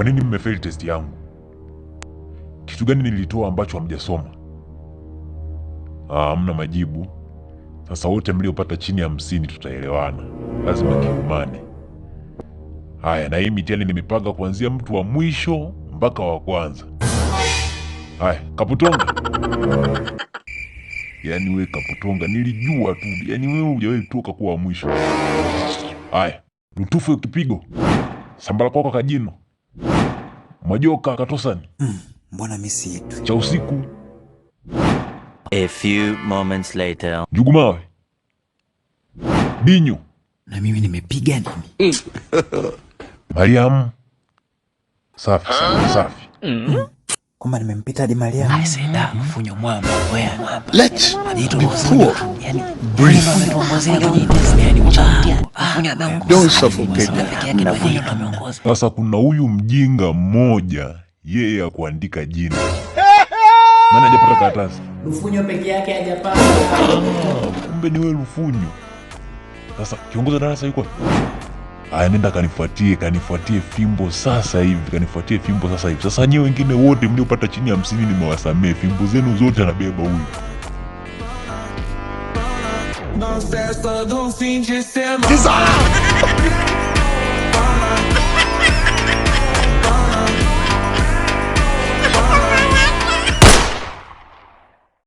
Kwa nini mmefeli testi yangu? Kitu gani nilitoa ambacho hamjasoma? Ah, hamna majibu. Sasa wote mliopata chini ya hamsini tutaelewana, lazima kiumane. Haya, na hii mitihani nimepanga kuanzia mtu wa mwisho mpaka wa kwanza. Haya, Kaputonga. Yaani we Kaputonga, nilijua tu, yaani wewe hujawahi kutoka kuwa wa mwisho. Haya, mtufu kipigo, sambala kwako kajino Majoka katosani mm, mbona misi yetu cha usiku. A few moments later. Jugumawe Binyu na mimi nimepiga nini? Mariam safi safi, safi mm kwamba nimempita hadi mali ah, mfunyo mwamba wewe. Let Don't suffocate. Sasa kuna huyu mjinga mmoja yeye ya kuandika jina. Nani hajapata karatasi? Lufunyo peke yake hajapata. Ah, kumbe ni wewe Lufunyo. Sasa kiongozi darasa yuko anaenda kanifuatie, kanifuatie fimbo sasa hivi, kanifuatie fimbo sasa hivi. Sasa nyewe wengine wote mliopata chini ya hamsini nimewasamee, fimbo zenu zote anabeba huyu. Não cessa do fim de semana.